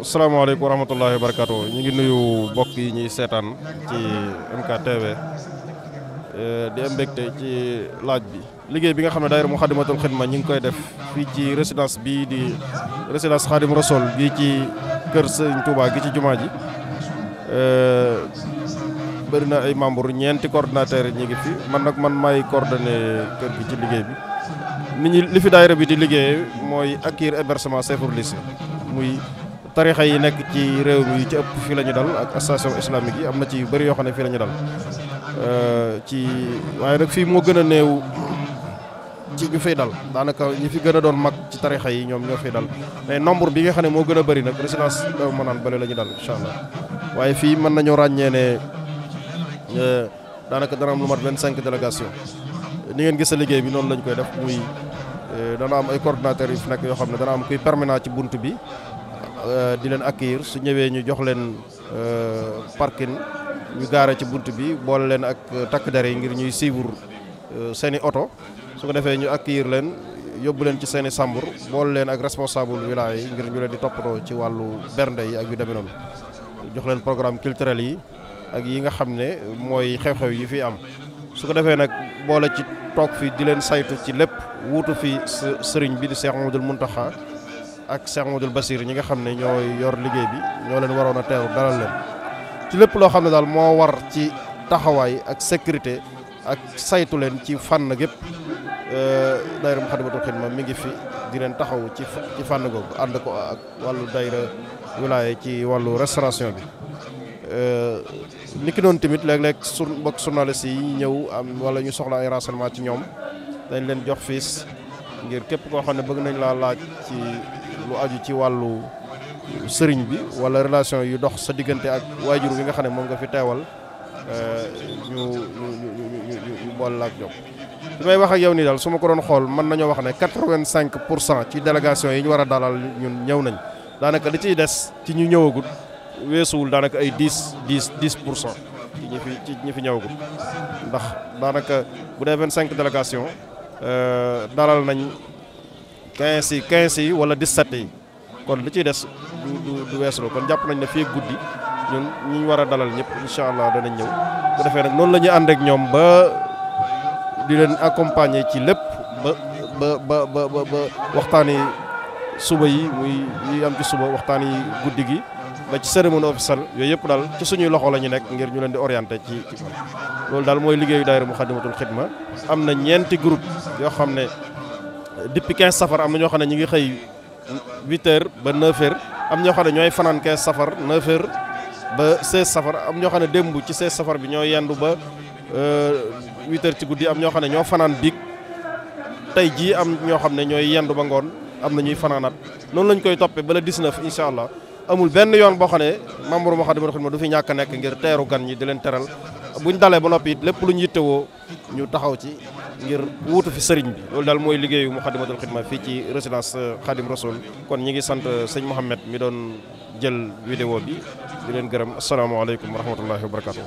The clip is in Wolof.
asalaamaaleykum wa rahmatullahi wa barakatu ñu ngi nuyu mbokk yi ñuy seetaan ci MKTV eh, di am mbégte ci laaj bi liggéey bi nga xam ne daayira Muxaddamatul Xidma ñu ngi koy def fii ci résidence bii di résidence Xaadim Rasool bii ci kër Sëñ Touba gi ci jumaa ji eh, bëri na ay membres ñeenti coordinateur ñu ngi fi man nag man may coordonné kër gi ci liggéey bi nit ñi li fi daayira bi di liggéey mooy accueil hébergement c'est pour muy tarixa yi nekk ci réew mi yu ci ëpp fii la ñu dal ak station islamique yi am na ci yu bëri yoo xam ne fii la ñu dal euh, ci waaye nag fii moo gën a néew ci ñu fay dal daanaka ñi fi gën a doon mag ci tarixa yi ñoom ñoo fay dal mais nombre bi nga xam ne moo gën a bëri nag résidence daw ma naan bële la dal incha allah waaye fii mën nañoo ràññee ne euh, daanaka dana am lu mat 25 délégation ni ngeen gis a liggéey bi noonu lañ koy def muy euh, dana am ay coordinateurs yi fi nekk yoo xam ne dana am kuy permanent ci bunt bi Euh, di leen accueillir su ñëwee ñu jox leen euh, parking ñu gaara ci bunt bi boole leen ak euh, takk der yi ngir ñuy suivre seen i oto su ko defee ñu accueillir leen yóbbu leen ci seen i sàmbur boole leen ak responsable wilaya yi ngir ñu leen di toppatoo ci wàllu bernde yi ak yu demee noonu jox leen programme culturel yi ak yi nga xam ne mooy xew-xew yi fi am su ko defee nag boole ci toog fi di leen saytu ci lépp wuutu fi sëriñ bi di Cheikh Mamadou Mountakha ak Cheikh Modou Bassir ñi nga xam ne ñoo yor liggéey bi ñoo leen waroon a teew dalal leen ci lépp loo xam ne daal moo war ci taxawaay ak sécurité ak saytu leen ci fànn gépp euh, daayira Moukhaddamatoul Khidma mi ngi fi di leen taxaw ci ci fànn googu ànd ko ak wàllu daayira wilaaya ci wàllu restauration bi euh, ni ki doon tamit léeg-léeg su mbokk journaliste yi ñëw am wala ñu soxla ay renseignement ci ñoom dañ leen jox fiis ngir képp koo xam ne bëgg nañ laa laaj ci lu aju ci wàllu sëriñ bi wala relation yu dox sa diggante ak waajur bi nga xam ne moom nga fi teewal euh, ñu ñu bool la ak ñoom may wax ak yow nii daal su ma ko doon xool mën nañoo wax ne quatre-vingt-cinq pour cent ci délégation yi ñu war a dalal ñun ñëw nañ daanaka li ciy des ci ñu ñëwagul weesuwul daanaka ay dix dix dix pour cent ci ñi fi ci ñi ndax daanaka bu dee vingt-cinq délégation euh, dalal nañ 15 yi 15 yi wala 17 yi kon li ciy des du du du kon jàpp nañ na fii guddi ñun ñu war a dalal ñëpp incha allah danañ ñëw bu defee nag noonu la ñuy ànd ak ñoom ba di leen accompagner ci lépp ba ba ba ba ba waxtaan yi suba yi muy yi am ci suba waxtaan yi guddi gi ba ci cérémonie officielle yooyu yëpp daal ci suñuy loxo la ñu nekk ngir ñu leen di orienté ci ci loolu daal mooy liggéeyu daayira Muxaddamatul Xidma am na ñeenti groupe yoo xam ne. depuis 15 safar am na ñoo xam ne ñu ngi xëy 8 ba 9 heures am ñoo ñooy fanaan 15 safar 9 ba 16 safar am ñoo xam ne démb ci 16 safar bi ñoo yendu ba 8 euh, heures ci guddi am ñoo xam ne ñoo fanaan dikk tey jii am ñoo xam ne ñooy yendu ba ngoon am na ñuy fanaanat noonu lañ koy toppee ba le 19 incha allah amul benn yoon boo xam ne membre ma xadima ma du fi ñàkk nekk ngir teeru gan ñi di leen teral buñ dalee ba noppi it lépp luñ yittewoo ñu taxaw ci ngir wuutu fi sëriñ bi loolu daal mooy liggéeyu Muxaddamatul Xidma fii ci résidence euh, Xadim Rasul kon ñi ngi sant euh, sëñ Mouhamed mi doon jël vidéo bi di leen gërëm asalaamaaleykum wa rahmatullahi wa barakatu